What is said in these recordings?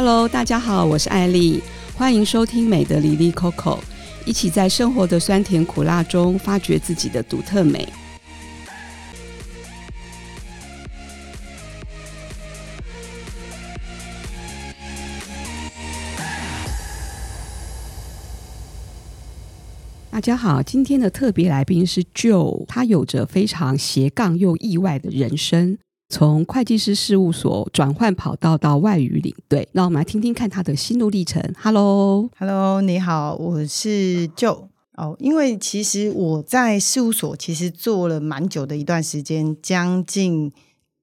Hello，大家好，我是艾麗，歡迎收聽美的哩哩扣扣，一起在生活的酸甜苦辣中發掘自己的獨特美。大家好，今天的特別來賓是 Jo，他有着非常斜槓又意外的人生。從會計師事務所轉換跑道到外語領隊，那我們來聽聽看他的心路歷程。Hello，Hello，Hello, 你好，我是 Jo。哦，因為其實我在事務所其實做了蠻久的一段時間，將近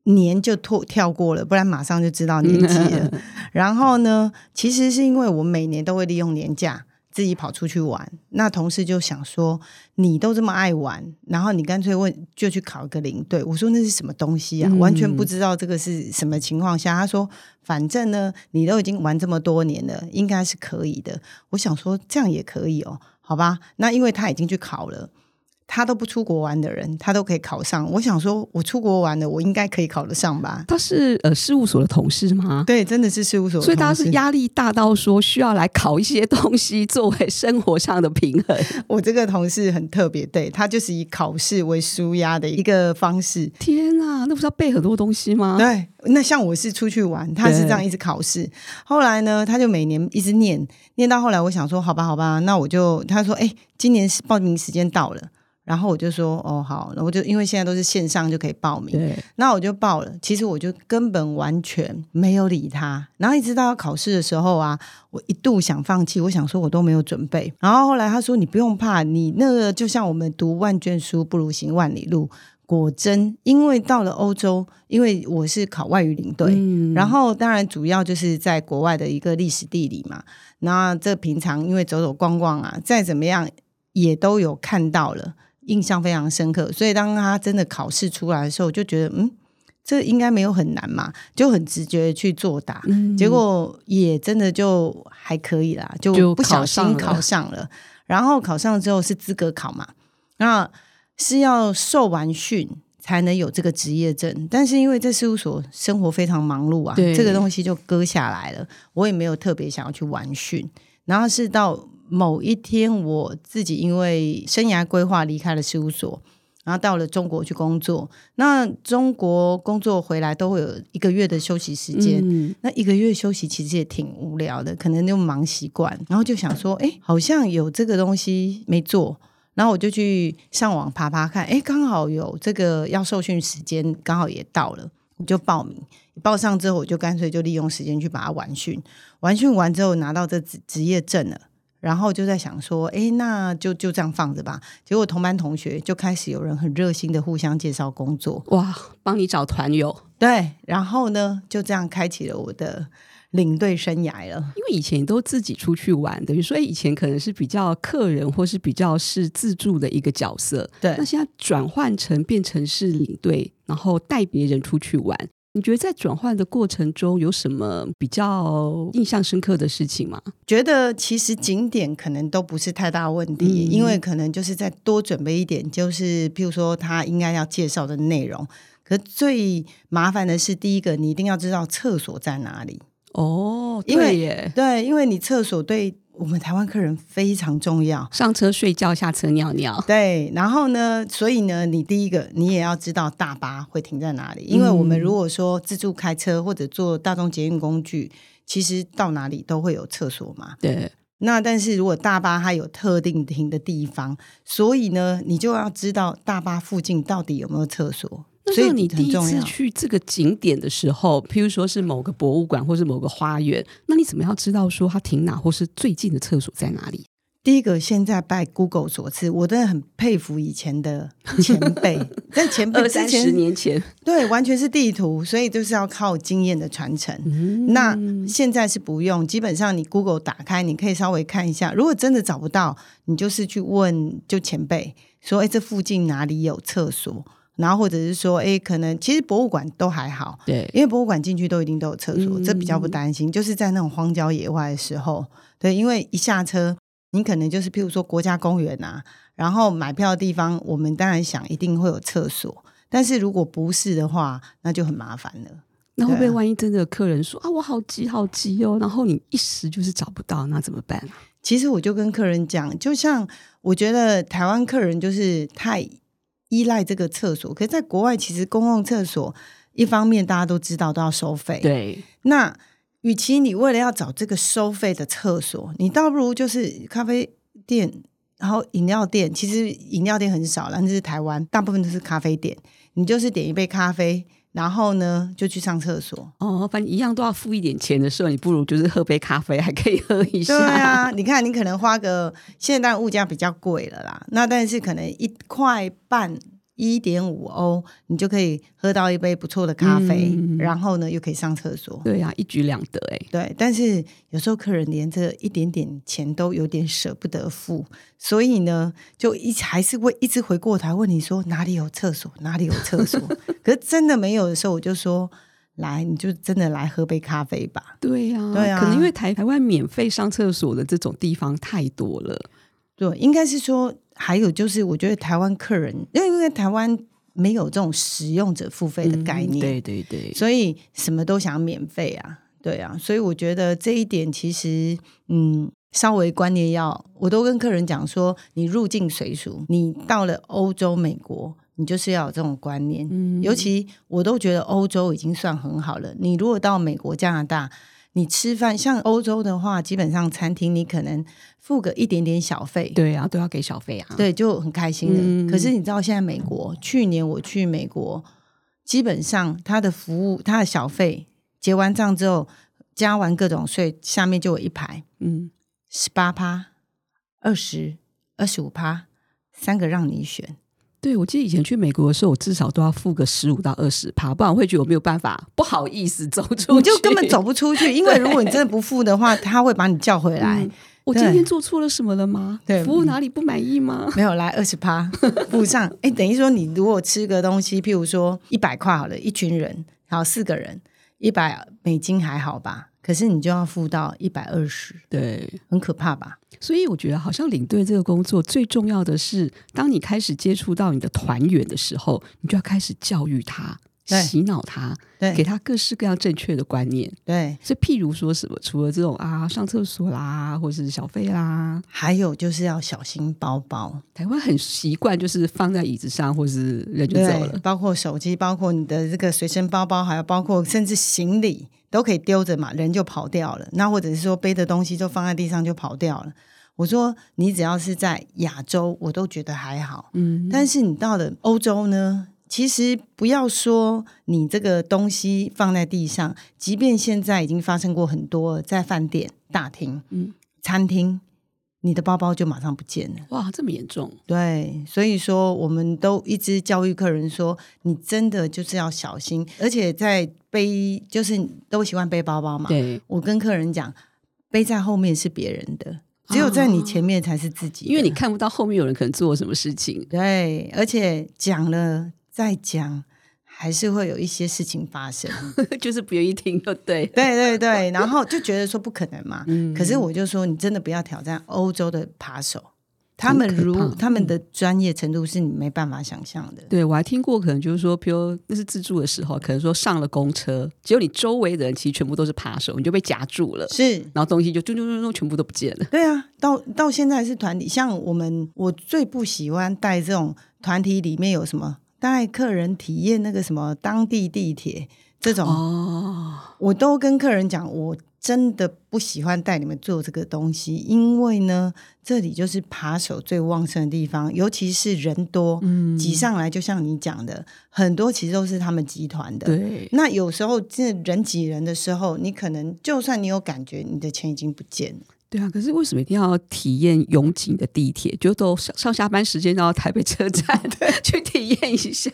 年就跳跳過了，不然馬上就知道年紀了。 然後呢，其實是因為我每年都會利用年假。自己跑出去玩，那同事就想說，你都這麼愛玩，然後你乾脆問，就去考個領隊。對，我說，那是什麼東西啊？完全不知道這個是什麼情況下。嗯。他說，反正呢，你都已經玩這麼多年了，應該是可以的。我想說，這樣也可以哦，好吧？那因為他已經去考了。他都不出國玩的人，他都可以考上。我想說，我出國玩的，我應該可以考得上吧？他是呃，事務所的同事嗎？對，真的是事務所的同事，所以他是壓力大到說需要來考一些東西作為生活上的平衡。我這個同事很特別，對，他就是以考試為舒壓的一個方式。天啊，那不是要背很多東西嗎？對，那像我是出去玩，他是這樣一直考試。後來呢，他就每年一直念，念到後來，我想說，好吧，好吧，那我就，他說，哎，今年報名時間到了。然後我就說哦好，然後就因為現在都是線上就可以報名，那我就報了。其實我就根本完全沒有理他。然後一直到要考試的時候啊，我一度想放棄，我想說我都沒有準備。然後後來他說，你不用怕，你那個就像我們讀萬卷書不如行萬里路。果真，因為到了歐洲，因為我是考外語領隊。嗯，然後當然主要就是在國外的一個歷史地理嘛。然後這平常因為走走逛逛啊，再怎麼樣也都有看到了。印象非常深刻，所以當他真的考試出來的時候，就覺得，嗯，這應該沒有很難嘛，就很直覺去作答，嗯，結果也真的就還可以啦，就不小心考上了。然後考上了，考上了之後是資格考嘛，那是要受完訓才能有這個職業證，但是因為在事務所生活非常忙碌啊，對這個東西就擱下來了，我也沒有特別想要去完訓。然後是到。某一天，我自己因為生涯規劃離開了事務所，然後到了中國去工作。那中國工作回來都會有一個月的休息時間，那一個月休息其實也挺無聊的，可能就忙習慣，然後就想說，哎，好像有這個東西沒做，然後我就去上網爬爬看，哎，剛好有這個要受訓時間，剛好也到了，我就報名，報上之後我就乾脆就利用時間去把它完訓，完訓完之後拿到這職業證了。然後就在想說，誒，那就就這樣放着吧。結果同班同學就開始有人很熱心的互相介紹工作，哇，幫你找團友。對，然後呢，就這樣開啟了我的領隊生涯了。因為以前都自己出去玩的，所以以前可能是比較客人或是比較是自助的一個角色。對，那現在轉換成變成是領隊，然後帶別人出去玩。你覺得在轉換的過程中有什麼比較印象深刻的事情嗎？覺得其實景點可能都不是太大問題，嗯、因為可能就是再多準備一點，就是譬如說他應該要介紹的內容。可最麻煩的是，第一個你一定要知道廁所在哪裡哦，對耶，因為對，因為你廁所對。我們台灣客人非常重要，上車睡覺，下車尿尿。對，然後呢？所以呢，你第一個，你也要知道大巴會停在哪裡，因為我們如果說自助開車或者坐大眾捷運工具，其實到哪裡都會有廁所嘛。對。那但是如果大巴它有特定停的地方，所以呢，你就要知道大巴附近到底有沒有廁所。所以你第一次去這個景點的時候，譬如說是某個博物館或者某個花園，那你怎麼樣知道說它停哪，或是最近的廁所在哪裡？第一個，現在拜 Google 所賜，我真的很佩服以前的前輩。 在前輩二三十年前，對，完全是地圖，所以就是要靠經驗的傳承、嗯。那現在是不用，基本上你 Google 打開，你可以稍微看一下。如果真的找不到，你就是去問就前輩說：“哎、欸，這附近哪裡有廁所？”然後或者是說，哎，可能其實博物館都還好，對，因為博物館進去都一定都有廁所，嗯，這比較不擔心。就是在那種荒郊野外的時候，對，因為一下車，你可能就是譬如說國家公園啊，然後買票的地方，我們當然想一定會有廁所，但是如果不是的話，那就很麻煩了。啊，那會不會萬一真的有客人說啊，我好急，好急哦，然後你一時就是找不到，那怎麼辦？其實我就跟客人講，就像我覺得台灣客人就是太依賴這個廁所，可是在國外其實公共廁所一方面大家都知道都要收費。對，那與其你為了要找這個收費的廁所，你倒不如就是咖啡店，然後飲料店。其實飲料店很少了，那是台灣，大部分都是咖啡店。你就是點一杯咖啡。然後呢，就去上廁所。哦，反正一樣都要付一點錢的時候，你不如就是喝杯咖啡，還可以喝一下。對啊， 你看，你可能花個現代物價比較貴了啦，那但是可能一塊半。一點五歐，你就可以喝到一杯不錯的咖啡，嗯，然後呢，又可以上廁所。對啊，一舉兩得欸。對，但是有時候客人連這一點點錢都有點捨不得付，所以呢，就一還是會一直回過頭問你說哪裡有廁所，哪裡有廁所。 可是真的沒有的時候，我就說來，你就真的來喝杯咖啡吧。對呀，啊，對啊。可能因為台台灣免費上廁所的這種地方太多了。對，應該是說。還有就是，我覺得台灣客人，因為台灣沒有這種使用者付費的概念，嗯，對對對，所以什麼都想免費啊，對啊，所以我覺得這一點其實，嗯，稍微觀念要，我都跟客人講說，你入境隨俗，你到了歐洲、美國，你就是要有這種觀念，尤其我都覺得歐洲已經算很好了，你如果到美國、加拿大。你吃飯像歐洲的話，基本上餐廳你可能付個一點點小費，對啊，都要給小費啊，對，就很開心的，嗯。可是你知道現在美國，去年我去美國，基本上他的服務，他的小費結完賬之後加完各種稅，下面就有一排，嗯，十八趴、二十、二十五趴，三個讓你選。對，我記得以前去美國的時候，我至少都要付個十五到二十趴，不然我會覺得我沒有辦法不好意思走出去，我就根本走不出去。因為如果你真的不付的話，他會把你叫回來、嗯。我今天做錯了什麼了嗎？對對服務哪裡不滿意嗎？沒有，來二十趴付上。哎， 等於說你如果吃個東西，譬如說一百塊好了，一群人，然後四個人一百美金還好吧？可是你就要付到一百二十。對，很可怕吧？所以我覺得好像領隊這個工作最重要的是，當你開始接觸到你的團員的時候，你就要開始教育他。對，洗腦他對，給他各式各樣正確的觀念。對，是譬如說什麼，除了這種啊上廁所啦，或者是小費啦，還有就是要小心包包。台灣很習慣，就是放在椅子上，或者是人就走了。包括手機，包括你的這個隨身包包，還有包括甚至行李都可以丟着嘛，人就跑掉了。那或者是說背的東西就放在地上就跑掉了。我說你只要是在亞洲，我都覺得還好。嗯，但是你到了歐洲呢？其實不要說你這個東西放在地上，即便現在已經發生過很多，在飯店大廳、嗯、餐廳，你的包包就馬上不見了。哇，這麼嚴重！對，所以說我們都一直教育客人說，你真的就是要小心。而且在背，就是都喜歡背包包嘛。對，我跟客人講，背在後面是別人的，只有在你前面才是自己。啊，因為你看不到後面有人可能做什麼事情。對，而且講了。再講還是會有一些事情發生。 就是不願意聽就對，對對對對。 然後就覺得說不可能嘛、嗯。可是我就說你真的不要挑戰歐洲的扒手、嗯，他們如，嗯，他們的專業程度是你沒辦法想象的。對，我還聽過，可能就是說，譬如那是自助的時候，可能說上了公車，只有你周圍的人其實全部都是扒手，你就被夾住了，是，然後東西就丟丟丟全部都不見了。對啊，到到現在是團體，像我們我最不喜歡帶這種團體裡面有什麼，帶客人體驗那個什麼當地地鐵這種、哦，我都跟客人講，我真的不喜歡帶你們坐這個東西，因為呢，這裡就是扒手最旺盛的地方，尤其是人多，擠上來就像你講的、嗯，很多其實都是他們集團的。那有時候這人擠人的時候，你可能就算你有感覺，你的錢已經不見了。對啊，可是為什麼一定要體驗擁擠的地鐵？就都上上下班時間到台北車站對去體驗一下？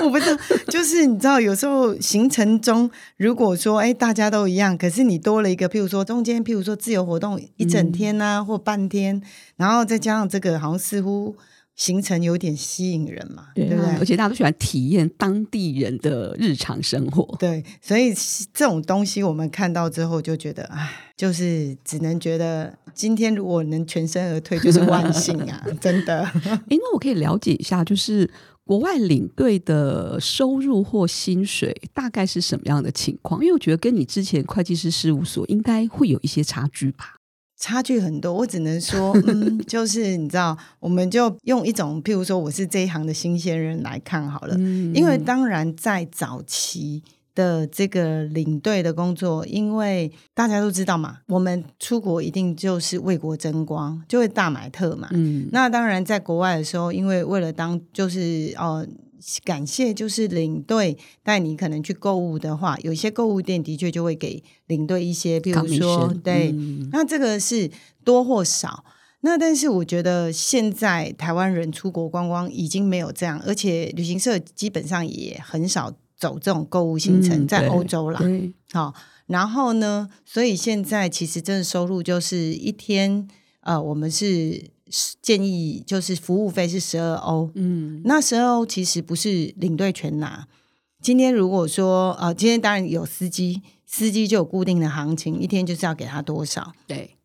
我不知道，就是你知道，有時候行程中如果說、哎、大家都一樣，可是你多了一個，譬如說中間譬如說自由活動一整天啊、嗯、或半天，然後再加上這個好像似乎。行程有點吸引人嘛，對、啊，對不對？而且大家都喜歡體驗當地人的日常生活。對，所以這種東西我們看到之後就覺得，哎，就是只能覺得今天如果能全身而退就是萬幸啊， 真的。哎、 欸，那我可以了解一下，就是國外領隊的收入或薪水大概是什麼樣的情況？因為我覺得跟你之前會計師事務所應該會有一些差距吧。差距很多，我只能說，嗯、就是你知道， 我們就用一種，譬如說，我是這一行的新鮮人來看好了。因為當然在早期的這個領隊的工作，因為大家都知道嘛，我們出國一定就是為國爭光，就會大買特買，嗯。那當然在國外的時候，因為為了當就是哦。呃感謝就是領隊帶你可能去購物的話，有些購物店的確就會給領隊一些，比如說對、嗯，那這個是多或少。那但是我覺得現在台灣人出國觀光已經沒有這樣，而且旅行社基本上也很少走這種購物行程，嗯、在歐洲啦。好，然後呢，所以現在其實真的收入就是一天，呃，我們是。建議就是服務費是十二歐，嗯，那十二歐其實不是領隊全拿。今天如果說呃，今天當然有司機，司機就有固定的行情，一天就是要給他多少，對。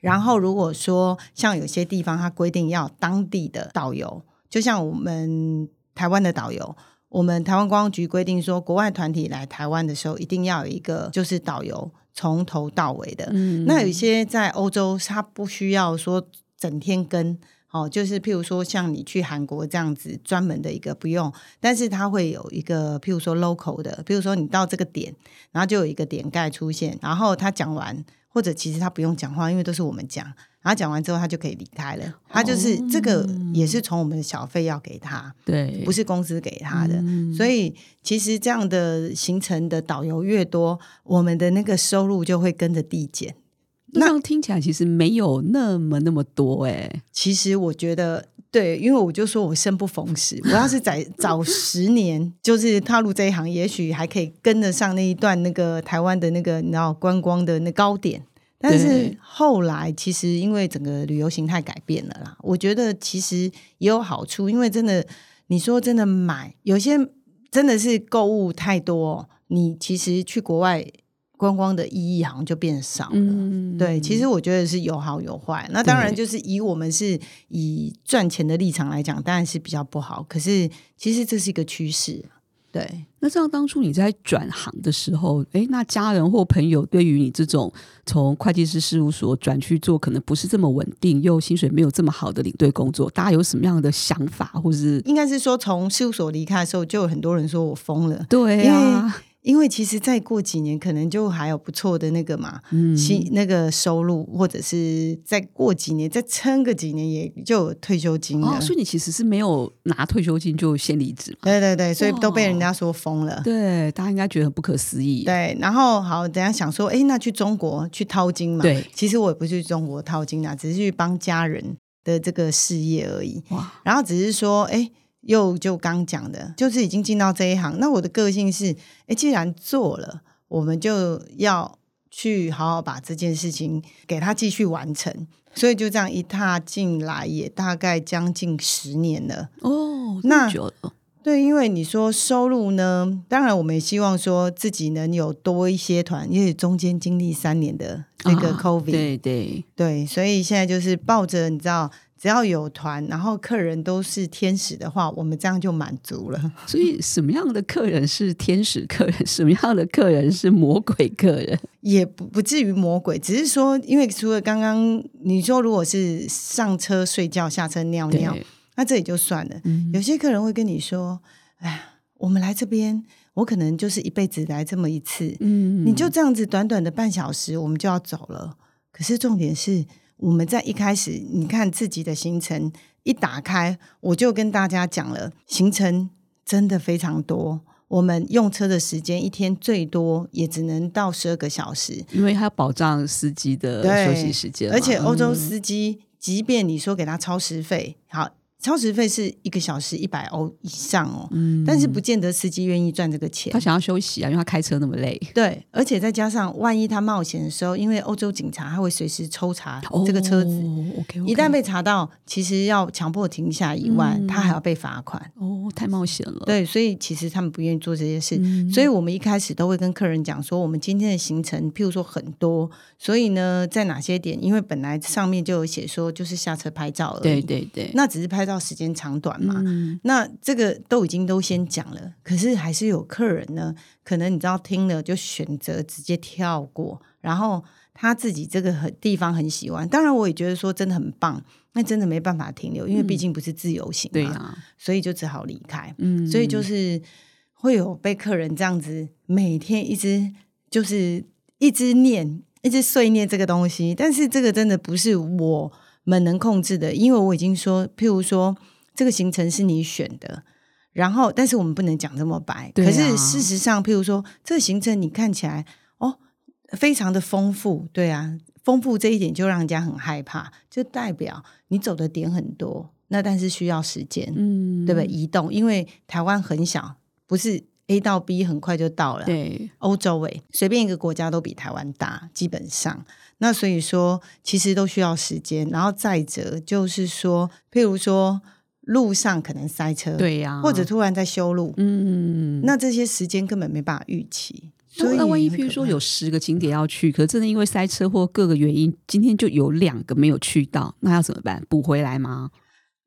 然後如果說像有些地方，他規定要當地的導遊，就像我們台灣的導遊，我們台灣觀光局規定說，國外團體來台灣的時候，一定要有一個就是導遊從頭到尾的。嗯，那有一些在歐洲，他不需要說。整天跟哦，就是譬如說，像你去韓國這樣子，專門的一個不用，但是他會有一個譬如說 local 的，譬如說你到這個點，然後就有一個點蓋出現，然後他講完，或者其實他不用講話，因為都是我們講，然後講完之後他就可以離開了。他就是、哦、這個也是從我們的小費要給他，對，不是公司給他的、嗯。所以其實這樣的行程的導遊越多，我們的那個收入就會跟着遞減。那樣聽起來其實沒有那麼那麼多誒、欸、其實我覺得對，因為我就說我生不逢時。我要是在早十年， 就是踏入這一行，也許還可以跟得上那一段那個台灣的那個你知道觀光的那高點。但是後來其實因為整個旅遊形態改變了啦，我覺得其實也有好處。因為真的，你說真的買有些真的是購物太多，你其實去國外，觀光的意義好像就變少了，嗯，對。其實我覺得是有好有壞。那當然就是以我們是以賺錢的立場來講，當然是比較不好。可是其實這是一個趨勢。對。那像當初你在轉行的時候，誒，那家人或朋友對於你這種從會計師事務所轉去做，可能不是這麼穩定，又薪水沒有這麼好的領隊工作，大家有什麼樣的想法？或是應該是說，從事務所離開的時候，就有很多人說我瘋了。對呀。因為其實再過幾年，可能就還有不錯的那個嘛，嗯、那個收入，或者是再過幾年，再撐個幾年，也就有退休金了。哦，所以你其實是沒有拿退休金就先離職。對對對，所以都被人家說瘋了。對，大家應該覺得很不可思議。對，然後好，等一下想說，哎，那去中國去掏金嘛？對，其實我也不是去中國掏金啊，只是去幫家人的這個事業而已。哇，然後只是說，哎。又就剛講的，就是已經進到這一行。那我的個性是，誒，既然做了，我們就要去好好把這件事情給它繼續完成。所以就這樣一踏進來，也大概將近十年了。哦，那對，因為你說收入呢，當然我們也希望說自己能有多一些團，因為中間經歷三年的那個 COVID，啊，對對對，所以現在就是抱着你知道，只要有團，然後客人都是天使的話，我們這樣就滿足了。所以，什麼樣的客人是天使客人？什麼樣的客人是魔鬼客人？也不至於魔鬼，只是說，因為除了剛剛你說，如果是上車睡覺、下車尿尿，那這也就算了，嗯。有些客人會跟你說：“哎呀，我們來這邊，我可能就是一輩子來這麼一次，嗯。你就這樣子短短的半小時，我們就要走了。可是重點是。”我們在一開始，你看自己的行程一打開，我就跟大家講了，行程真的非常多。我們用車的時間一天最多也只能到十二個小時，因為它要保障司機的休息時間，而且歐洲司機，嗯，即便你說給他超時費，好。超時費是一個小時一百歐以上哦、嗯，但是不見得司機願意賺這個錢。他想要休息啊，因為他開車那麼累。對，而且再加上萬一他冒險的時候，因為歐洲警察他會隨時抽查這個車子，哦、一旦被查到、哦 okay, okay，其實要強迫停下以外、嗯，他還要被罰款。哦，太冒險了。對，所以其實他們不願意做這些事、嗯。所以我們一開始都會跟客人講說，我們今天的行程，譬如說很多，所以呢，在哪些點，因為本來上面就有寫說，就是下車拍照了。對對對，那只是拍照。時間長短嘛、嗯，那這個都已經都先講了，可是還是有客人呢，可能你知道聽了就選擇直接跳過，然後他自己這個地方很喜歡，當然我也覺得說真的很棒，那真的沒辦法停留，因為畢竟不是自由行嘛、嗯，對啊，所以就只好離開、嗯，所以就是會有被客人這樣子每天一直就是一直念一直碎念這個東西，但是這個真的不是我。們能控制的，因為我已經說，譬如說這個行程是你選的，然後但是我們不能講這麼白。啊、可是事實上，譬如說這個行程你看起來哦，非常的豐富，對啊，豐富這一點就讓人家很害怕，就代表你走的點很多，那但是需要時間，嗯，對不對？移動，因為台灣很小，不是 A 到 B 很快就到了。對，歐洲位、欸、隨便一個國家都比台灣大，基本上。那所以說，其實都需要時間。然後再者，就是說，譬如說路上可能塞車，對呀、啊，或者突然在修路，嗯，那這些時間根本沒辦法預期。所以、哦、那萬一譬如說有十個景點要去，可是真的因為塞車或各個原因，今天就有兩個沒有去到，那要怎麼辦？補回來嗎？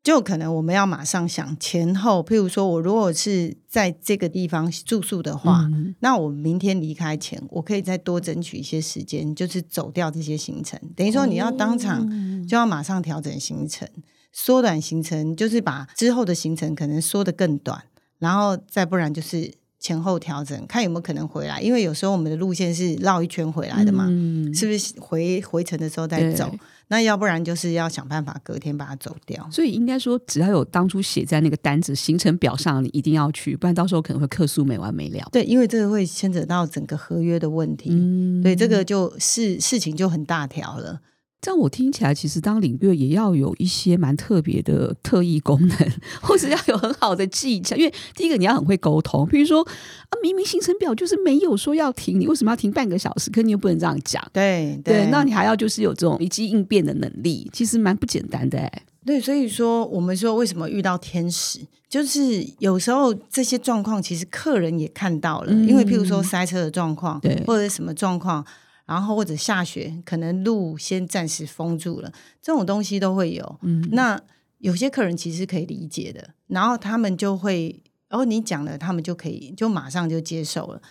就可能我們要馬上想前後，譬如說，我如果是在這個地方住宿的話、嗯，那我明天離開前，我可以再多爭取一些時間，就是走掉這些行程。等於說，你要當場、哦、就要馬上調整行程，縮短行程，就是把之後的行程可能縮得更短，然後再不然就是。前後調整，看有沒有可能回來，因為有時候我們的路線是繞一圈回來的嘛，嗯，是不是回？回回程的時候再走，那要不然就是要想辦法隔天把它走掉。所以應該說，只要有當初寫在那個單子行程表上，你一定要去，不然到時候可能會客訴沒完沒了。對，因為這個會牽扯到整個合約的問題，嗯，所以這個就是事情就很大條了。這樣我聽起來，其實當領隊也要有一些蠻特別的特異功能，或者要有很好的技巧。因為第一個你要很會溝通，譬如說啊，明明行程表就是沒有說要停，你為什麼要停半個小時？可你又不能這樣講，對對，對。那你還要就是有這種隨機應變的能力，其實蠻不簡單的哎、欸。對，所以說我們說為什麼遇到天使，就是有時候這些狀況其實客人也看到了，嗯、因為譬如說塞車的狀況，對，或者什麼狀況。然後或者下雪，可能路先暫時封住了，這種東西都會有。嗯，那有些客人其實可以理解的，然後他們就會，哦，你講了，他們就可以就馬上就接受了。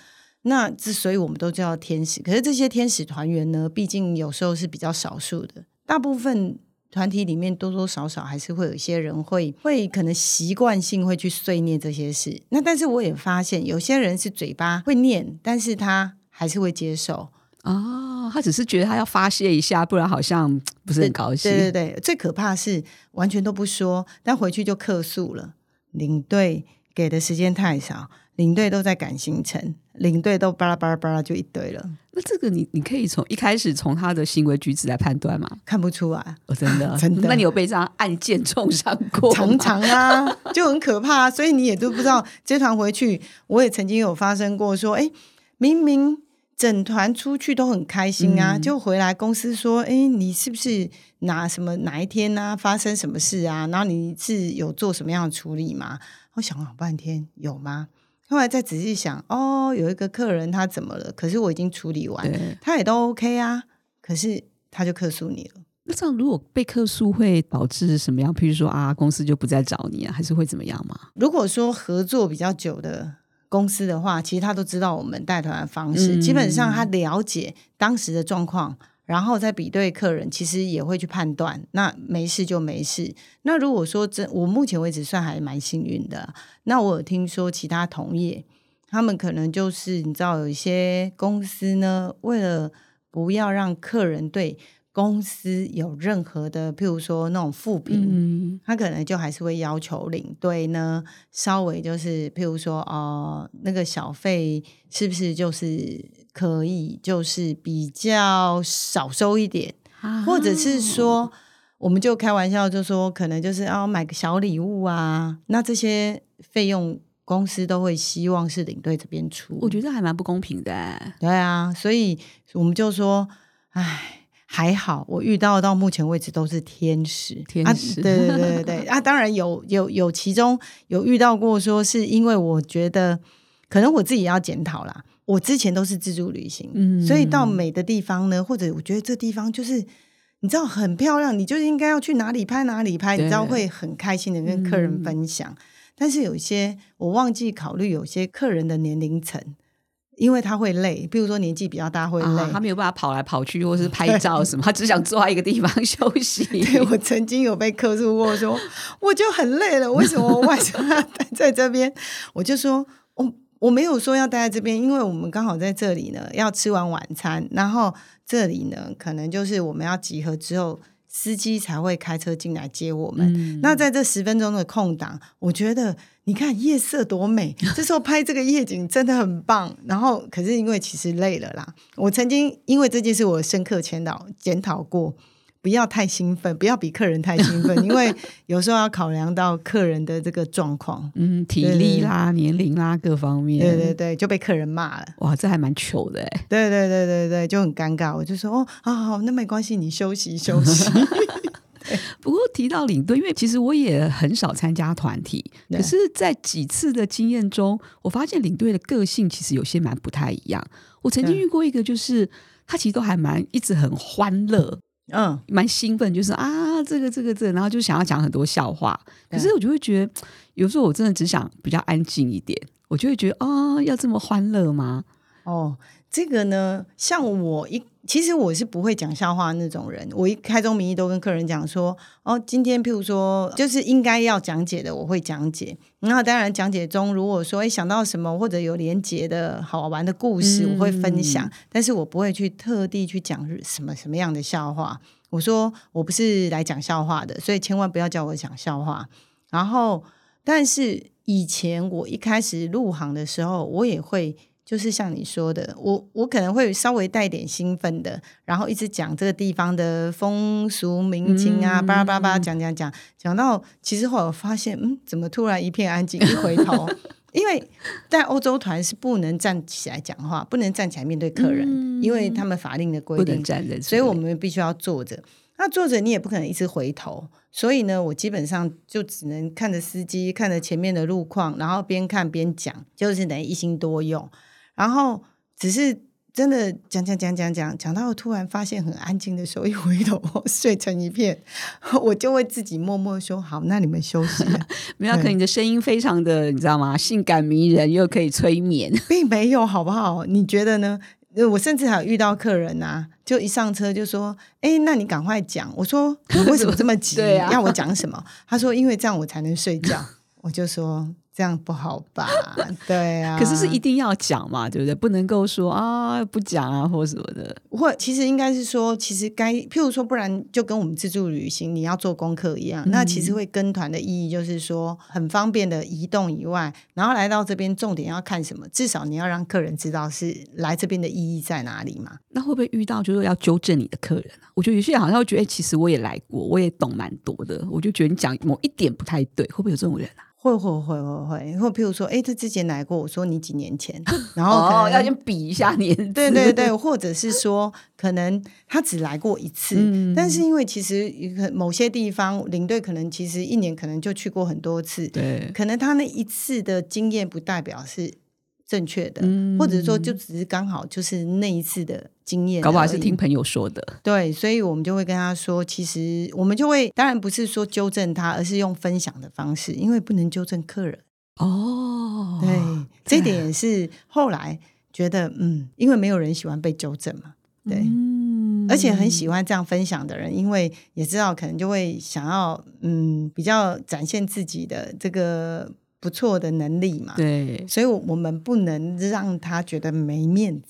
那之所以我們都叫天使，可是這些天使團員呢，畢竟有時候是比較少數的，大部分團體裡面多多少少還是會有一些人會會可能習慣性會去碎念這些事。那但是我也發現，有些人是嘴巴會念，但是他還是會接受。哦，他只是覺得他要發洩一下，不然好像不是很高興。對對，對對，最可怕的是完全都不說，但回去就客訴了。領隊給的時間太少，領隊都在趕行程，領隊都巴拉巴拉巴拉就一堆了。那這個你你可以從一開始從他的行為舉止來判斷嗎？看不出來，我、哦、真的 真的。那你有被這樣暗箭中傷過？常常啊，就很可怕、啊。所以你也都不知道 這團回去，我也曾經有發生過說，哎，明明。整團出去都很開心啊，嗯、就回來公司說，哎、欸，你是不是拿什麼哪一天啊，發生什麼事啊？然後你是有做什麼樣的處理嗎？我想了好、啊、半天，有嗎？後來再仔細想，哦，有一個客人他怎麼了？可是我已經處理完，他也都 OK 啊，可是他就客訴你了。那這樣如果被客訴會導致什麼樣？譬如說啊，公司就不再找你啊，還是會怎麼樣嗎？如果說合作比較久的。公司的話，其實他都知道我們帶團的方式，嗯，基本上他了解當時的狀況，然後再比對客人，其實也會去判斷。那沒事就沒事。那如果說這我目前為止算還蠻幸運的。那我有聽說其他同業，他們可能就是你知道有一些公司呢，為了不要讓客人對。公司有任何的，譬如說那種負評，嗯，嗯，嗯，他可能就還是會要求領隊呢，稍微就是譬如說哦、呃，那個小費是不是就是可以就是比較少收一點，啊、或者是說我們就開玩笑就說，可能就是啊買個小禮物啊，那這些費用公司都會希望是領隊這邊出，我覺得還蠻不公平的、欸。對啊，所以我們就說，唉。還好，我遇到，到目前為止都是天使，天使、啊，對對對對，啊，當然有有有，有其中有遇到過說，是因為我覺得可能我自己要檢討啦，我之前都是自助旅行，嗯，所以到美的地方呢，或者我覺得這地方就是你知道很漂亮，你就應該要去哪裡拍哪裡拍，你知道會很開心的跟客人分享，嗯、但是有一些我忘記考慮，有些客人的年齡層。因為他會累，比如說年紀比較大會累，啊、他沒有辦法跑來跑去或是拍照什麼，他只想坐在一個地方休息。 對，我曾經有被客訴過說，說 我就很累了，為什麼我晚上要待在這邊？ 我就說我我沒有說要待在這邊，因為我們剛好在這裡呢，要吃完晚餐，然後這裡呢可能就是我們要集合之後。司機才會開車進來接我們，嗯。那在這十分鐘的空檔，我覺得你看夜色多美，這時候拍這個夜景真的很棒。 然後可是因為其實累了啦，我曾經因為這件事我深刻檢討檢討過。不要太興奮，不要比客人太興奮， 因為有時候要考量到客人的這個狀況，嗯，體力啦、對對年齡啦各方面，對對對，就被客人罵了。哇，這還蠻糗的哎。對對對對對，就很尷尬。我就說哦，好好，那沒關係，你休息休息。 不過提到領隊，因為其實我也很少參加團體，可是，在幾次的經驗中，我發現領隊的個性其實有些蠻不太一樣。我曾經遇過一個，就是、嗯、他其實都還蠻一直很歡樂。嗯，蠻興奮，就是啊，這個這個這個，然後就想要講很多笑話，可是我就會覺得，有時候我真的只想比較安靜一點，我就會覺得啊，要這麼歡樂嗎？哦，這個呢，像我一。其實我是不會講笑話的那種人，我一開宗明義都跟客人講說：哦，今天譬如說，就是應該要講解的，我會講解。那當然，講解中如果說誒想到什麼或者有連結的好玩的故事，我會分享，嗯。但是我不會去特地去講什麼什麼樣的笑話。我說我不是來講笑話的，所以千萬不要叫我講笑話。然後，但是以前我一開始入行的時候，我也會。就是像你說的，我我可能會稍微帶點興奮的，然後一直講這個地方的風俗民情啊、嗯，巴拉巴拉講講講，講，講到其實後來我發現，嗯，怎麼突然一片安靜？一回頭， 因為在歐洲團是不能站起來講話，不能站起來面對客人，嗯、因為他們法令的規定不能站着，所以我們必須要坐着。那坐着你也不可能一直回頭，所以呢，我基本上就只能看着司機，看着前面的路況，然後邊看邊講，就是等於一心多用。然後只是真的講講講講講講到我突然發現很安靜的時候，一回頭我睡成一片，我就會自己默默說：“好，那你們休息、啊。 ”沒有、嗯，可你的聲音非常的，你知道嗎？性感迷人又可以催眠，並沒有，好不好？你覺得呢？我甚至還有遇到客人啊，就一上車就說：“哎、欸，那你趕快講。”我說：“為什麼這麼急、 啊？要我講什麼？”他說：“因為這樣我才能睡覺。 ”我就說。這樣不好吧？對啊， 可是是一定要講嘛，對不對？不能夠說啊，不講啊，或什麼的。或其實應該是說，其實該譬如說，不然就跟我們自助旅行你要做功課一樣，嗯。那其實會跟團的意義就是說，很方便的移動以外，然後來到這邊，重點要看什麼？至少你要讓客人知道是來這邊的意義在哪裡嘛。那會不會遇到就是要糾正你的客人？我覺得有些人好像會覺得，欸，其實我也來過，我也懂蠻多的。我就覺得你講某一點不太對，會不會有這種人啊？會會會會會，然後譬如說，哎、欸，他之前來過，我說你幾年前？然後、哦、要先比一下年，對對對，或者是說，可能他只來過一次，嗯、但是因為其實，某些地方領隊可能其實一年可能就去過很多次，對，可能他那一次的經驗不代表是。正確的，或者說，就只是剛好就是那一次的經驗，搞不好是聽朋友說的。對，所以我們就會跟他說，其實我們就會，當然不是說糾正他，而是用分享的方式，因為不能糾正客人。哦，對，對這點也是後來覺得，嗯，因為沒有人喜歡被糾正嘛，對，嗯，而且很喜歡這樣分享的人，因為也知道可能就會想要，嗯，比較展現自己的這個。不錯的能力嘛，對，所以我們不能讓他覺得沒面子，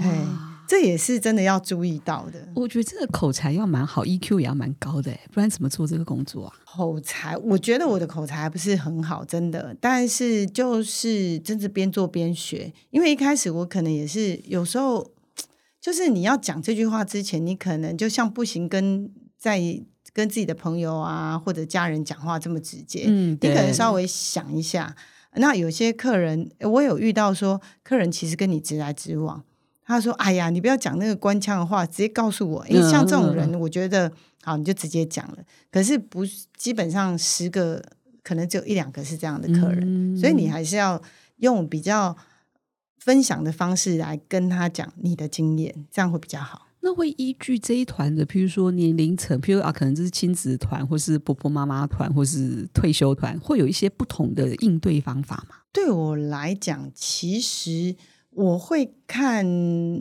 哎，這也是真的要注意到的。我覺得這個口才要蠻好，EQ 也要蠻高的，不然怎麼做這個工作啊？口才，我覺得我的口才還不是很好，真的，但是就是真是邊做邊學，因為一開始我可能也是有時候，就是你要講這句話之前，你可能就像不行，跟在。跟自己的朋友啊或者家人講話這麼直接，嗯，你可能稍微想一下。那有些客人，我有遇到說，客人其實跟你直來直往，他說：“哎呀，你不要講那個官腔的話，直接告訴我。”啊，因為像這種人，啊，我覺得好，你就直接講了。可是不，基本上十個可能只有一兩個是這樣的客人，嗯，所以你還是要用比較分享的方式來跟他講你的經驗，這樣會比較好。那會依據這一團的，譬如說年齡層，譬如啊，可能就是親子團，或是婆婆媽媽團，或是退休團，會有一些不同的應對方法嗎？對我來講，其實我會看，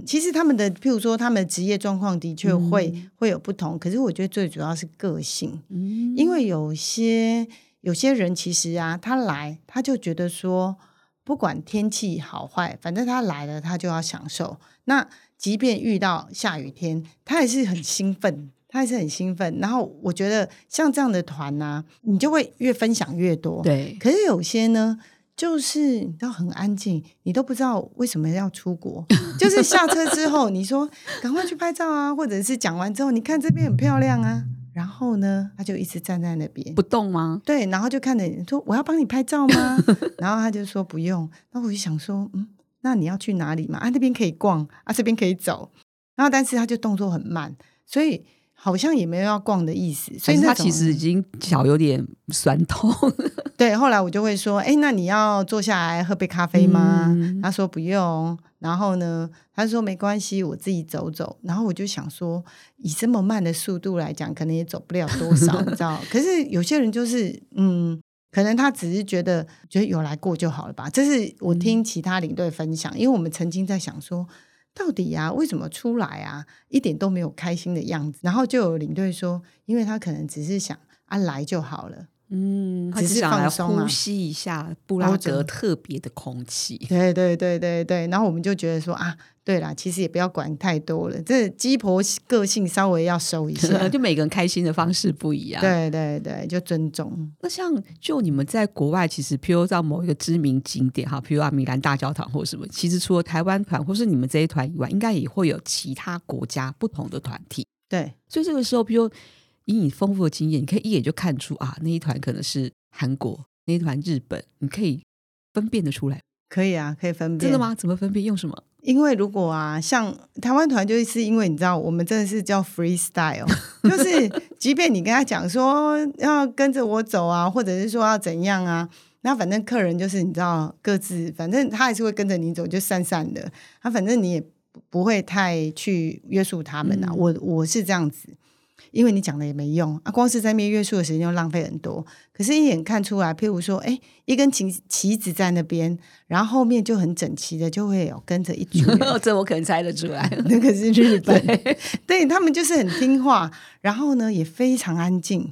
其實他們的譬如說他們的職業狀況的確會、嗯、會有不同，可是我覺得最主要是個性，嗯，因為有些有些人其實啊，他來他就覺得說，不管天氣好壞，反正他來了，他就要享受那。即便遇到下雨天，他還是很興奮，他還是很興奮。然後我覺得像這樣的團啊，你就會越分享越多。對，可是有些呢，就是你知道很安靜，你都不知道為什麼要出國。 就是下車之後，你說趕快去拍照啊，或者是講完之後，你看這邊很漂亮啊。然後呢，他就一直站在那邊不動嗎？對，然後就看着你說我要幫你拍照嗎？ 然後他就說不用。那我就想說，嗯。那你要去哪裡嘛？啊，那邊可以逛，啊，這邊可以走，然後，啊，但是他就動作很慢，所以好像也沒有要逛的意思。所以、欸、他其實已經腳有點酸痛。 對，後來我就會說，哎、欸，那你要坐下來喝杯咖啡嗎？嗯、他說不用。然後呢，他說沒關係，我自己走走。然後我就想說，以這麼慢的速度來講，可能也走不了多少， 你知道？可是有些人就是，嗯。可能他只是覺得，覺得有來過就好了吧。這是我聽其他領隊分享，因為我們曾經在想說，到底啊，為什麼出來啊，一點都沒有開心的樣子。然後就有領隊說，因為他可能只是想啊，來就好了。嗯，只是想來呼吸一下、啊、布拉格特別的空氣。對對對對對，然後我們就覺得說啊，對了，其實也不要管太多了，這雞婆個性稍微要收一下， 就每個人開心的方式不一樣。對對對，對，就尊重。那像就你們在國外，其實譬如到某一個知名景點哈，譬如阿米蘭大教堂或什麼，其實除了台灣團或是你們這些團以外，應該也會有其他國家不同的團體。對，所以這個時候譬如。以你豐富的經驗，你可以一眼就看出啊，那一團可能是韓國，那一團日本，你可以分辨得出來。可以啊，可以分辨。真的嗎？怎麼分辨？用什麼？因為如果啊，像台灣團，就是因為你知道，我們真的是叫 freestyle， 就是即便你跟他講說要跟着我走啊，或者是說要怎樣啊，那反正客人就是你知道，各自反正他還是會跟着你走，就散散的。他、啊、反正你也不會太去約束他們吶、啊嗯。我我是這樣子。因為你講了也沒用啊，光是在那邊約束的時間又浪費很多。可是，一眼看出來，譬如說，哎、欸，一根旗旗子在那邊，然後後面就很整齊的，就會有跟着一組。 我這我可能猜得出來， 那個是日本，對，對他們就是很聽話，然後呢也非常安靜。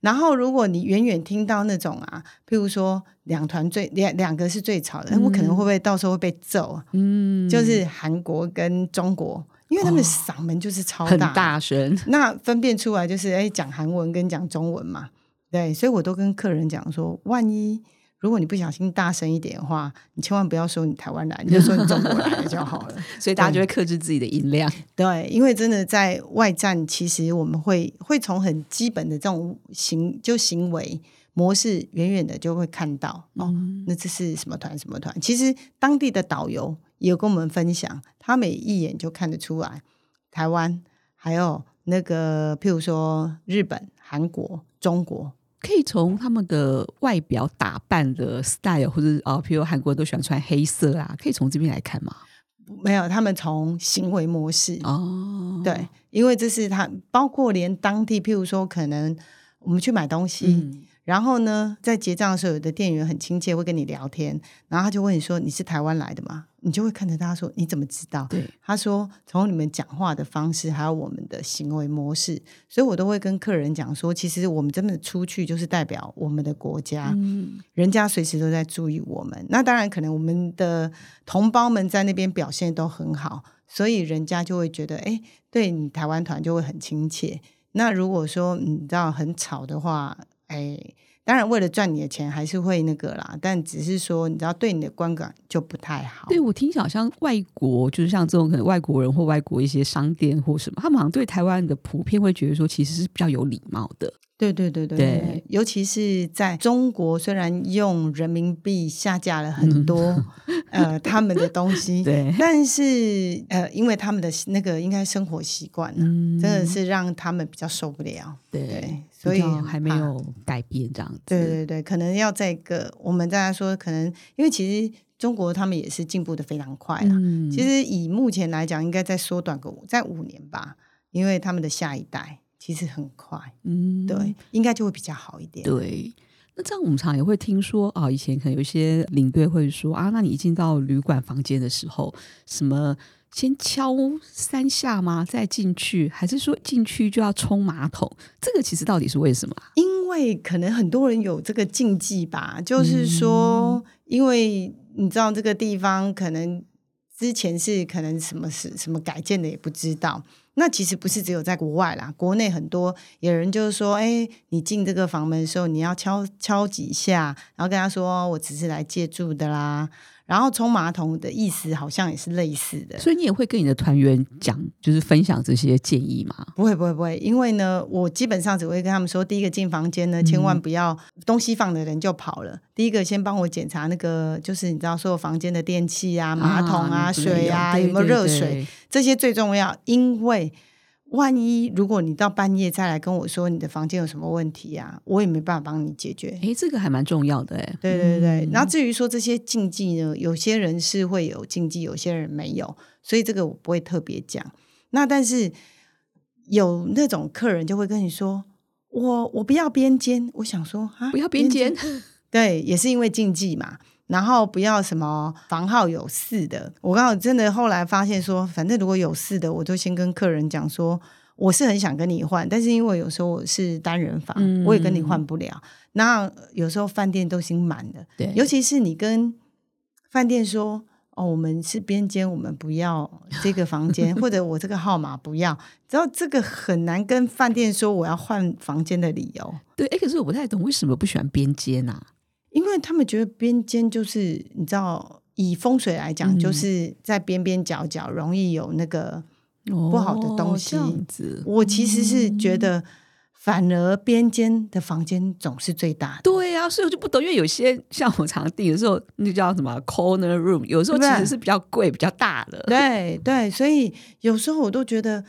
然後，如果你遠遠聽到那種啊，譬如說兩團最兩兩個是最吵的，那我可能會不會到時候會被揍？嗯，就是韓國跟中國。因為他們的嗓門就是超大，哦、很大聲，那分辨出來就是哎，講韓文跟講中文嘛。對，所以我都跟客人講說，萬一如果你不小心大聲一點的話，你千萬不要說你台灣來，你就說你中國來就好了。 所以大家就會克制自己的音量。對，對因為真的在外站，其實我們會會從很基本的這種行就行為模式，遠遠的就會看到哦、嗯，那這是什麼團，什麼團？其實當地的導遊。有跟我們分享，他們一眼就看得出來，台灣還有那個，譬如說日本、韓國、中國，可以從他們的外表打扮的 style，或者、哦、譬如韓國人都喜歡穿黑色啊，可以從這邊來看嗎？沒有，他們從行為模式哦，對，因為這是他包括連當地，譬如說可能我們去買東西。嗯然後呢，在結賬的時候，有的店員很親切，會跟你聊天。然後他就問你說：“你是台灣來的嗎？”你就會看着他，他說：“你怎麼知道？”對，他說：“從你們講話的方式，還有我們的行為模式，所以我都會跟客人講說，其實我們真的出去就是代表我們的國家。嗯，人家隨時都在注意我們。那當然，可能我們的同胞們在那邊表現都很好，所以人家就會覺得，哎，對你台灣團就會很親切。那如果說你知道很吵的話，哎，當然為了賺你的錢還是會那個啦，但只是說你知道，對你的觀感就不太好。對，我聽起來好像外國，就是像這種可能外國人或外國一些商店或什麼，他們好像對台灣的普遍會覺得說其實是比較有禮貌的。對對對對，對，對，尤其是在中國，雖然用人民幣下架了很多、嗯、 呃他們的東西，但是呃因為他們的那個應該生活習慣、嗯、真的是讓他們比較受不了，對，對所以還沒有改變這樣子。對，對對對，可能要在一個，我們大家說，可能因為其實中國他們也是進步的非常快了、嗯。其實以目前來講，應該再縮短個五在五年吧，因為他們的下一代。其實很快，嗯，對，應該就會比較好一點。對，那這樣我們常常也會聽說啊，哦，以前可能有一些領隊會說啊，那你一進到旅館房間的時候，什麼先敲三下嗎？再進去，還是說進去就要沖馬桶？這個其實到底是為什麼啊？因為可能很多人有這個禁忌吧，就是說，因為你知道這個地方可能之前是可能什麼是什麼改建的也不知道。那其實不是只有在國外啦，國內很多有人就是說，哎、欸，你進這個房門的時候，你要敲敲幾下，然後跟他說，我只是來借住的啦。然後沖馬桶的意思好像也是類似的，所以你也會跟你的團員講，就是分享這些建議嗎？不會不會不會，因為呢，我基本上只會跟他們說，第一個進房間呢，千萬不要東西放的人就跑了，第一個先幫我檢查那個，就是你知道所有房間的電器啊、馬桶啊、水啊有沒有熱水，這些最重要，因為。萬一如果你到半夜再來跟我說你的房間有什麼問題呀，我也沒辦法幫你解決。哎，這個還蠻重要的哎。對對對，嗯，然後至於說這些禁忌呢，有些人是會有禁忌，有些人沒有，所以這個我不會特別講。那但是有那種客人就會跟你說，我我不要邊間，我想說啊，不要邊間，對，也是因為禁忌嘛。然後不要什麼房號有四的，我剛好真的後來發現說，反正如果有四的，我就先跟客人講說，我是很想跟你換，但是因為有時候我是單人房，我也跟你換不了。嗯、那有時候飯店都已經滿了，尤其是你跟飯店說，哦，我們是邊間，我們不要這個房間， 或者我這個號碼不要，只要這個很難跟飯店說我要換房間的理由。對，哎，可是我不太懂為什麼不喜歡邊間吶？因為他們覺得邊間就是你知道，以風水來講、嗯，就是在邊邊角角容易有那個不好的東西。哦、我其實是覺得，反而邊間的房間總是最大的、嗯。對啊，所以我就不懂。因為有些像我常訂，的時候，那就叫什麼 corner room，有時候其實是比較貴、對對比較大的。對對，所以有時候我都覺得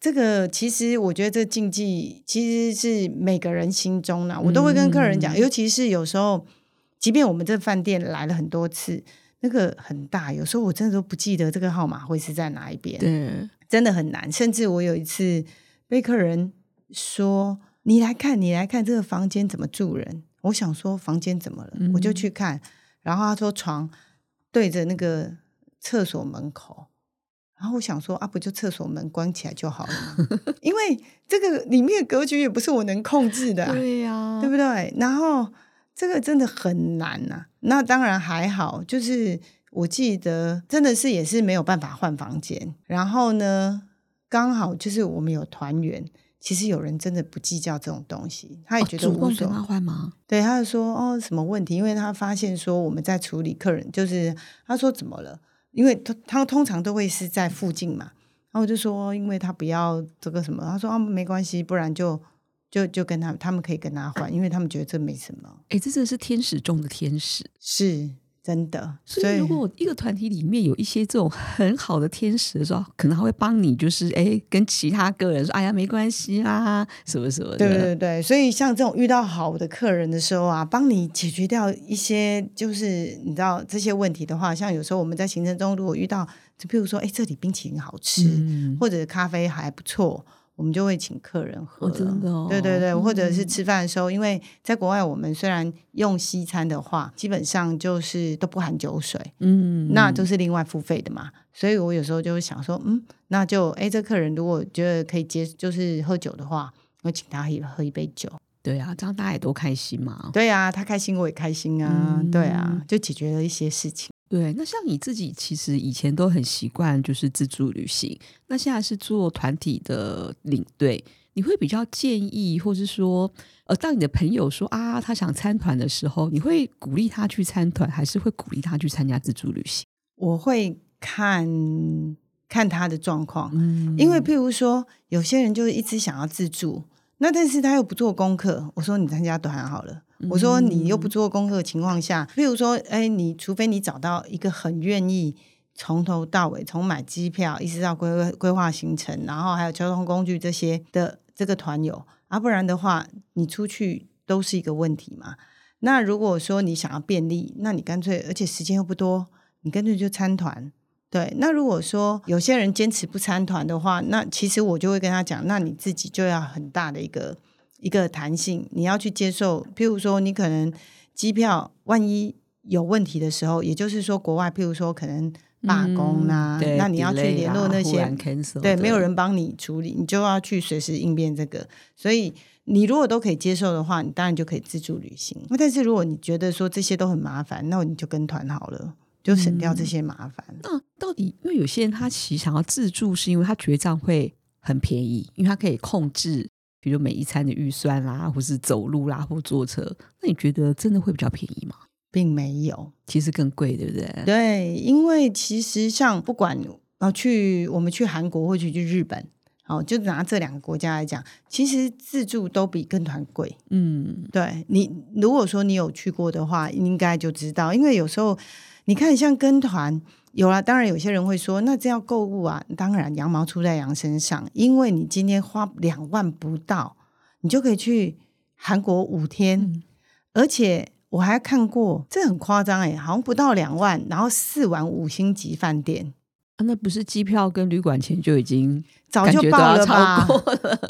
這個，其實我覺得這禁忌其實是每個人心中呢，我都會跟客人講，嗯、尤其是有時候。即便我們這飯店來了很多次，那個很大，有時候我真的都不記得這個號碼會是在哪一邊，對，真的很難。甚至我有一次被客人說：“你來看，你來看這個房間怎麼住人。”我想說房間怎麼了、嗯，我就去看，然後他說床對着那個廁所門口，然後我想說啊，不就廁所門關起來就好了， 因為這個裡面的格局也不是我能控制的、啊，對呀、啊，對不對？然後。這個真的很難吶、啊，那當然還好，就是我記得真的是也是沒有辦法換房間，然後呢，剛好就是我們有團員，其實有人真的不計較這種東西，他也覺得無所謂、哦。主動讓他換嗎？對，他就說哦什麼問題，因為他發現說我們在處理客人，就是他說怎麼了？因為他，他通常都會是在附近嘛，然後就說因為他不要這個什麼，他說哦，沒關係，不然就。就就跟他，他們可以跟他換，因為他們覺得這沒什麼。哎、欸，這真的是天使中的天使，是真的。所以，所以如果一個團體裡面有一些這種很好的天使的時候，可能他會幫你，就是哎，跟其他個人說：“哎呀，沒關係啦、啊，什麼什麼。”對對對，所以，像這種遇到好的客人的時候啊，幫你解決掉一些就是你知道這些問題的話，像有時候我們在行程中如果遇到，就譬如說，哎，這裡冰淇淋好吃，嗯、或者咖啡還不錯。我們就會請客人喝、oh, 哦，對對對，或者是吃飯的時候，嗯、因為在國外，我們雖然用西餐的話，基本上就是都不含酒水，嗯，嗯，嗯，那都是另外付費的嘛。所以我有時候就會想說，嗯，那就哎，這客人如果覺得可以接，就是喝酒的話，我請他喝一杯酒。對啊，這樣大家也多開心嘛。對啊，他開心我也開心啊，嗯嗯對啊，就解決了一些事情。對，那像你自己其實以前都很習慣就是自助旅行，那現在是做團體的領隊，你會比較建議，或是說，呃，當你的朋友說，啊，他想參團的時候，你會鼓勵他去參團，還是會鼓勵他去參加自助旅行？我會看看他的狀況，嗯，因為譬如說，有些人就是一直想要自助。那但是他又不做功課，我說你參加團好了、嗯。我說你又不做功課的情況下，比如說，哎，你除非你找到一個很願意從頭到尾從買機票一直到規規劃行程，然後還有交通工具這些的這個團友，啊，不然的話你出去都是一個問題嘛。那如果說你想要便利，那你乾脆，而且時間又不多，你乾脆就參團。對，那如果說有些人堅持不參團的話，那其實我就會跟他講，那你自己就要很大的一個一個彈性，你要去接受。譬如說，你可能機票萬一有問題的時候，也就是說國外，譬如說可能罷工啦、啊嗯，那你要去聯絡那、啊、些，對，沒有人幫你處理，你就要去隨時應變這個。所以，你如果都可以接受的話，你當然就可以自助旅行。那但是如果你覺得說這些都很麻煩，那你就跟團好了。就省掉這些麻煩。嗯，那到底，因為有些人他其實想要自助，是因為他覺得這樣會很便宜，因為他可以控制，比如每一餐的預算啦，或是走路啦，或坐車。那你覺得真的會比較便宜嗎？並沒有，其實更貴，對不對？對，因為其實像不管去我們去韓國，或者去日本，就拿這兩個國家來講，其實自助都比跟團貴。嗯，對，你如果說你有去過的話，應該就知道，因為有時候。你看，像跟團有啦。當然有些人會說，那這樣購物啊，當然羊毛出在羊身上，因為你今天花兩萬不到，你就可以去韓國五天，嗯，而且我還看過，這很誇張哎，好像不到兩萬，然後四晚五星級飯店，啊，那不是機票跟旅館錢就已經早就爆了吧？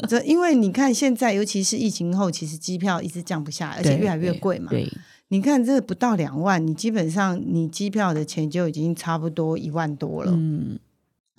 這因為你看現在，尤其是疫情後，其實機票一直降不下來，而且越來越貴嘛。對對對。你看，這不到兩萬，你基本上你機票的錢就已經差不多一萬多了，嗯，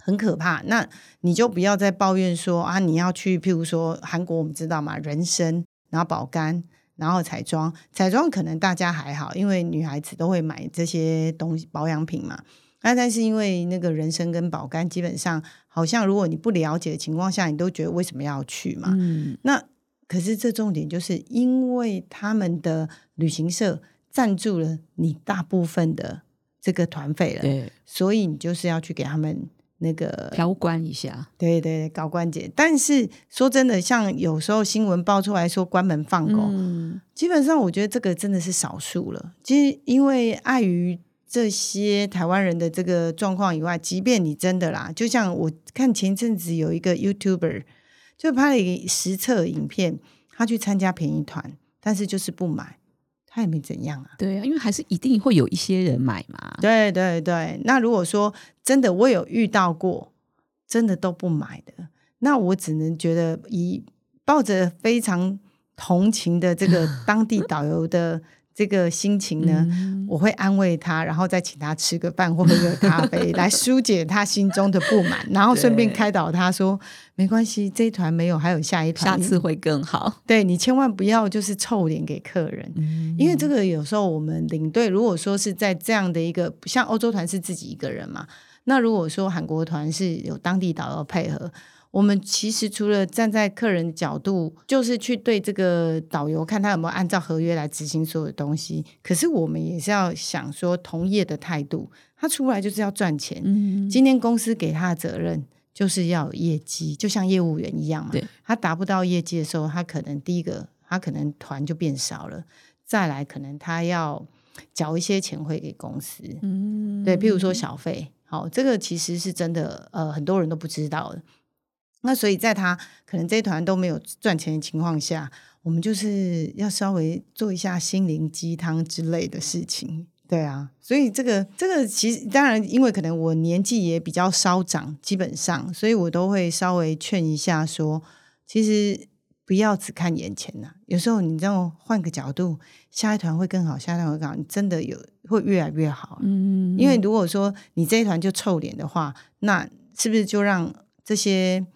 很可怕。那你就不要再抱怨說啊，你要去，譬如說韓國，我們知道嘛，人參，然後保肝，然後彩妝，彩妝可能大家還好，因為女孩子都會買這些東西保養品嘛。那、啊、但是因為那個人參跟保肝，基本上好像如果你不了解的情況下，你都覺得為什麼要去嘛，嗯，那。可是，這重點就是因為他們的旅行社贊助了你大部分的這個團費了，對，所以你就是要去給他們那個調關一下，對對對，搞關節。但是說真的，像有時候新聞爆出來說關門放狗，嗯，基本上我覺得這個真的是少數了。其實因為礙於這些台灣人的這個狀況以外，即便你真的啦，就像我看前陣子有一個 YouTuber。就拍了一個實測影片，他去參加便宜團，但是就是不買，他也沒怎樣啊。對啊，因為還是一定會有一些人買嘛。對對對，那如果說真的我有遇到過，真的都不買的，那我只能覺得以抱着非常同情的這個當地導遊的。 這個心情呢、嗯，我會安慰他，然後再請他吃個飯或喝個咖啡， 來疏解他心中的不滿，然後順便開導他說：沒關係，這團沒有，還有下一團，下次會更好。對，你千萬不要就是臭臉給客人、嗯，因為這個有時候我們領隊如果說是在這樣的一個，像歐洲團是自己一個人嘛，那如果說韓國團是有當地導遊配合。我們其實除了站在客人的角度，就是去對這個導遊看他有沒有按照合約來執行所有的東西。可是我們也是要想說，同業的態度，他出來就是要賺錢。嗯。今天公司給他的責任就是要業績，就像業務員一樣嘛。對，他達不到業績的時候，他可能第一個，他可能團就變少了。再來，可能他要繳一些錢會給公司。嗯，對，譬如說小費。好，這個其實是真的，呃，很多人都不知道的。那所以，在他可能這一團都沒有賺錢的情況下，我們就是要稍微做一下心靈雞湯之類的事情，對啊。所以這個這個其實當然，因為可能我年紀也比較稍長，基本上，所以我都會稍微勸一下說，說其實不要只看眼前吶、啊。有時候你這樣換個角度，下一團會更好，下一團會更好，你真的有會越來越好。嗯，因為如果說你這一團就臭臉的話，那是不是就讓這些？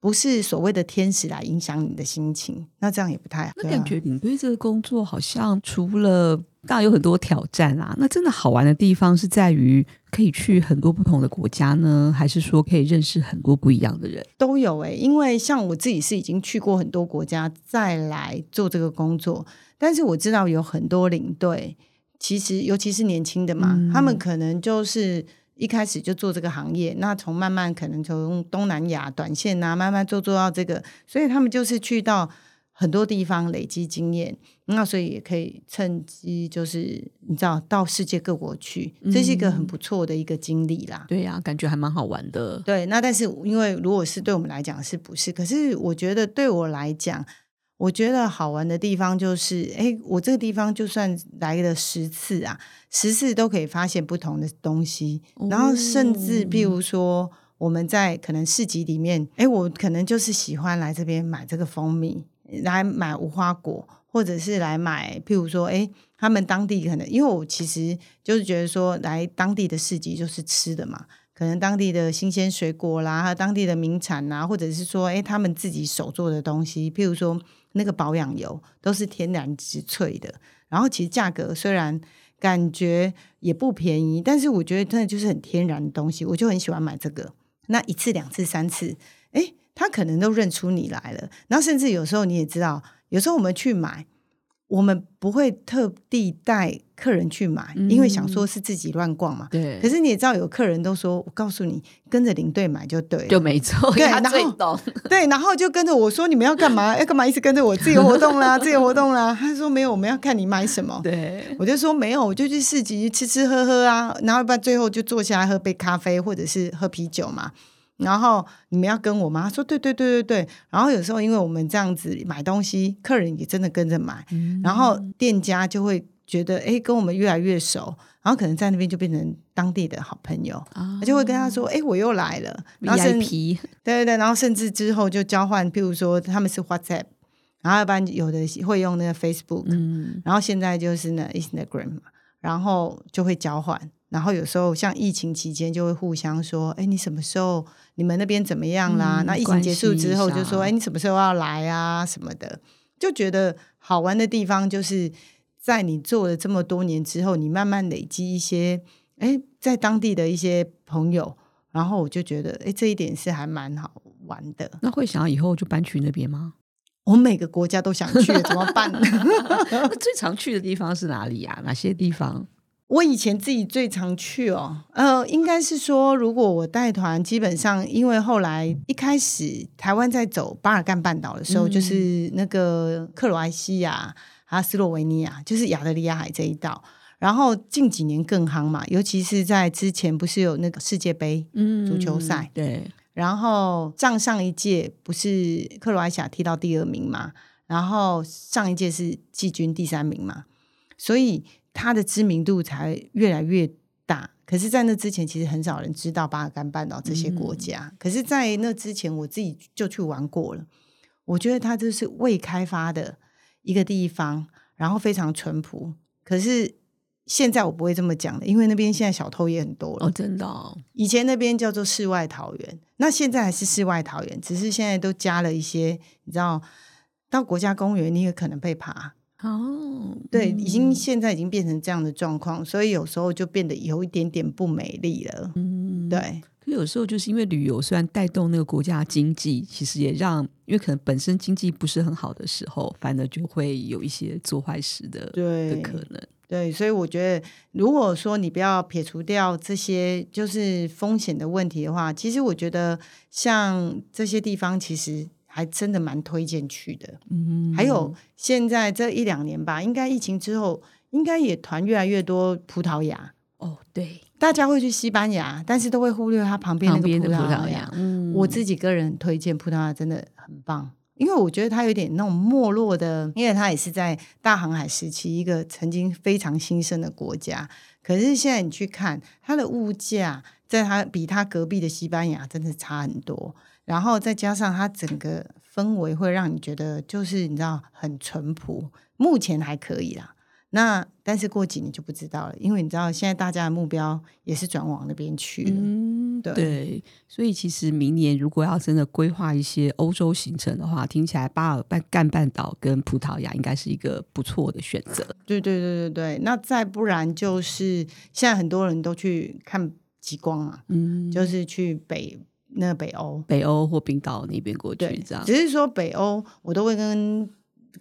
不是所謂的天使來影響你的心情，那這樣也不太好。那感覺領隊這個工作好像除了當然有很多挑戰啊，那真的好玩的地方是在於可以去很多不同的國家呢，還是說可以認識很多不一樣的人？都有誒、欸。因為像我自己是已經去過很多國家再來做這個工作，但是我知道有很多領隊，其實尤其是年輕的嘛、嗯，他們可能就是。一開始就做這個行業，那從慢慢可能從東南亞短線啊，慢慢做做到這個，所以他們就是去到很多地方累積經驗，那所以也可以趁機就是你知道到世界各國去，這是一個很不錯的一個經歷啦。嗯，對呀，啊，感覺還蠻好玩的。對，那但是因為如果是對我們來講是不是？可是我覺得對我來講。我覺得好玩的地方就是，誒、欸、我這個地方就算來了十次啊，十次都可以發現不同的東西。嗯、然後甚至，譬如說，我們在可能市集裡面，誒、欸、我可能就是喜歡來這邊買這個蜂蜜，來買無花果，或者是來買，譬如說，誒、欸、他們當地可能，因為我其實就是覺得說，來當地的市集就是吃的嘛，可能當地的新鮮水果啦，當地的名產啦，或者是說，誒、欸、他們自己手做的東西，譬如說。那個保養油都是天然植萃的，然後其實價格雖然感覺也不便宜，但是我覺得真的就是很天然的東西，我就很喜歡買這個。那一次、兩次、三次，哎，他可能都認出你來了。然後甚至有時候你也知道，有時候我們去買，我們不會特地帶。客人去買，因為想說是自己亂逛嘛、嗯。對。可是你也知道，有客人都說：“我告訴你，跟着領隊買就對了，就沒錯。”對，他最懂。對，然後， 然後就跟着我說：“你們要幹嘛？要 幹、欸、嘛？一直跟着我自由活動啦，自由活動啦。 ”他說：“沒有，我們要看你買什麼。”對。我就說：“沒有，我就去市集去吃吃喝喝啊，然後一般最後就坐下來喝杯咖啡，或者是喝啤酒嘛。”然後你們要跟我嗎？他說：“對對對對對，對。”然後有時候因為我們這樣子買東西，客人也真的跟着買、嗯，然後店家就會。覺得哎、欸，跟我們越來越熟，然後可能在那邊就變成當地的好朋友，Oh, 就會跟他說：“哎、欸，我又來了。”然後是皮對對對，然後甚至之後就交換，譬如說他們是 WhatsApp，然後一般有的會用那個 Facebook，、嗯、然後現在就是呢 Instagram，然後就會交換，然後有時候像疫情期間就會互相說：“哎、欸，你什麼時候你們那邊怎麼樣啦？”那、嗯、疫情結束之後就說：“哎，你什麼時候要來啊？”什麼的，就覺得好玩的地方就是。在你做了這麼多年之後，你慢慢累積一些，誒，在當地的一些朋友，然後我就覺得，誒，這一點是還蠻好玩的。那會想要以後就搬去那邊嗎？我每個國家都想去， 怎麼辦呢？ 最常去的地方是哪裡呀、啊？哪些地方？我以前自己最常去哦，呃，應該是說，如果我帶團，基本上因為後來一開始台灣在走巴爾幹半島的時候，嗯、就是那個克羅埃西亞。阿斯洛維尼亞就是亞德里亞海這一道，然後近幾年更夯嘛，尤其是在之前不是有那個世界盃足球賽，嗯嗯對，然後上上一屆不是克羅埃西亞踢到第二名嘛，然後上一屆是季軍第三名嘛，所以它的知名度才越來越大。可是，在那之前，其實很少人知道巴爾幹半島這些國家。嗯、可是，在那之前，我自己就去玩過了，我覺得它就是未開發的，一個地方，然後非常淳樸。可是現在我不會這麼講了，因為那邊現在小偷也很多了。哦，真的、哦，以前那邊叫做世外桃源，那現在還是世外桃源，只是現在都加了一些。你知道，到國家公園你也可能被扒。哦，嗯、對，已經現在已經變成這樣的狀況，所以有時候就變得有一點點不美麗了。嗯，對。所以有時候就是因為旅遊，雖然帶動那個國家經濟，其實也讓因為可能本身經濟不是很好的時候，反而就會有一些做壞事的對的可能。對，所以我覺得，如果說你不要撇除掉這些就是風險的問題的話，其實我覺得像這些地方，其實還真的蠻推薦去的。嗯，還有現在這一兩年吧，應該疫情之後，應該也團越來越多葡萄牙。哦，對，大家會去西班牙，但是都會忽略它旁邊那個葡萄牙。葡萄牙。嗯，我自己個人推薦葡萄牙真的很棒，因為我覺得它有點那種沒落的，因為它也是在大航海時期一個曾經非常興盛的國家。可是現在你去看它的物價，在它比它隔壁的西班牙真的差很多。然後再加上它整個氛圍會讓你覺得，就是你知道很淳樸，目前還可以啦。那但是過幾年就不知道了，因為你知道現在大家的目標也是轉往那邊去了，對，嗯、對，所以其實明年如果要真的規劃一些歐洲行程的話，聽起來巴爾半幹半島跟葡萄牙應該是一個不錯的選擇。對對對對對，那再不然就是現在很多人都去看極光啊，嗯、就是去北那個、北歐、北歐或冰島那邊過去是這樣。只是說北歐我都會跟。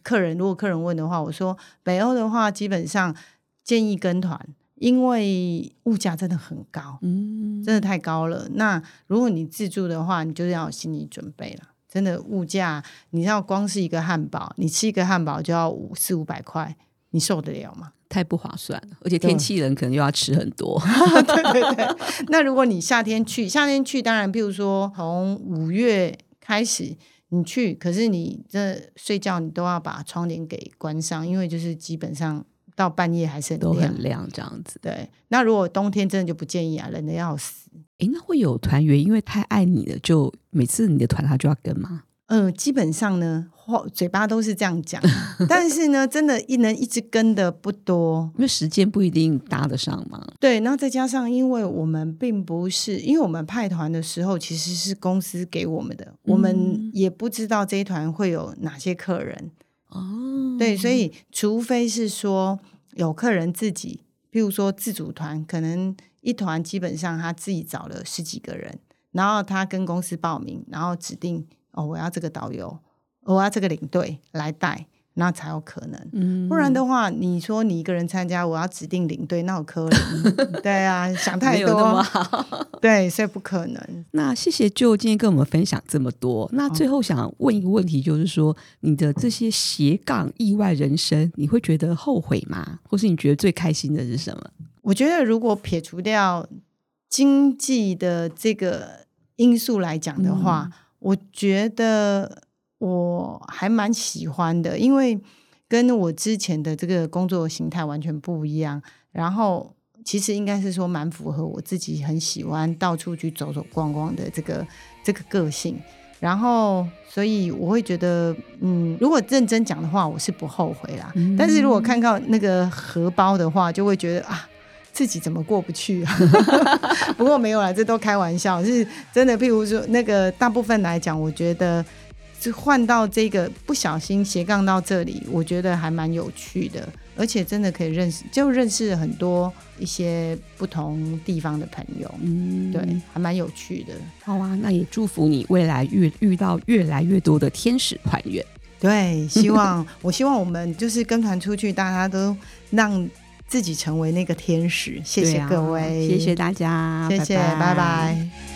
客人，如果客人問的話，我說北歐的話，基本上建議跟團，因為物價真的很高，嗯，真的太高了。那如果你自助的話，你就是要有心理準備了。真的物價，你要光是一個漢堡，你吃一個漢堡就要五四五百塊，你受得了嗎？太不划算了，而且天氣冷，可能又要吃很多。對， 對對對。那如果你夏天去，夏天去當然，譬如說，從五月開始，你去，可是你這睡覺，你都要把窗簾給關上，因為就是基本上到半夜還是很亮，都很亮這樣子。對，那如果冬天真的就不建議啊，冷的要死。哎，那會有團員因為太愛你了，就每次你的團他就要跟嗎？嗯，基本上呢，話嘴巴都是這樣講， 但是呢，真的，一人一直跟的不多，因為時間不一定搭得上嘛。對，然後再加上，因為我們並不是，因為我們派團的時候其實是公司給我們的，嗯、我們也不知道這一團會有哪些客人。哦，對，所以除非是說有客人自己，譬如說自組團，可能一團基本上他自己找了十幾個人，然後他跟公司報名，然後指定。哦、我要這個導遊、哦，我要這個領隊來帶，那才有可能、嗯。不然的話，你說你一個人參加，我要指定領隊，那不可能。 對啊，想太多。對，所以不可能。那謝謝 Jo 今天跟我們分享這麼多。那最後想問一個問題，就是說、哦，你的這些斜槓意外人生，你會覺得後悔嗎？或是你覺得最開心的是什麼？我覺得，如果撇除掉經濟的這個因素來講的話。嗯我覺得我還蠻喜歡的，因為跟我之前的這個工作形態完全不一樣。然後其實應該是說蠻符合我自己很喜歡到處去走走逛逛的這個這個個性。然後所以我會覺得，嗯，如果認真講的話，我是不後悔啦。嗯。但是如果看到那個荷包的話，就會覺得啊。自己怎麼過不去啊？ 不過沒有了，這都開玩笑。是真的，譬如說那個大部分來講，我覺得換到這個不小心斜槓到這裡，我覺得還蠻有趣的，而且真的可以認識，就認識了很多一些不同地方的朋友。嗯，對，還蠻有趣的。好啊，那也祝福你未來越遇到越來越多的天使團員。對，希望 我希望我們就是跟團出去，大家都讓。自己成為那個天使，謝謝各位，啊、謝謝大家，謝謝，拜拜。拜拜。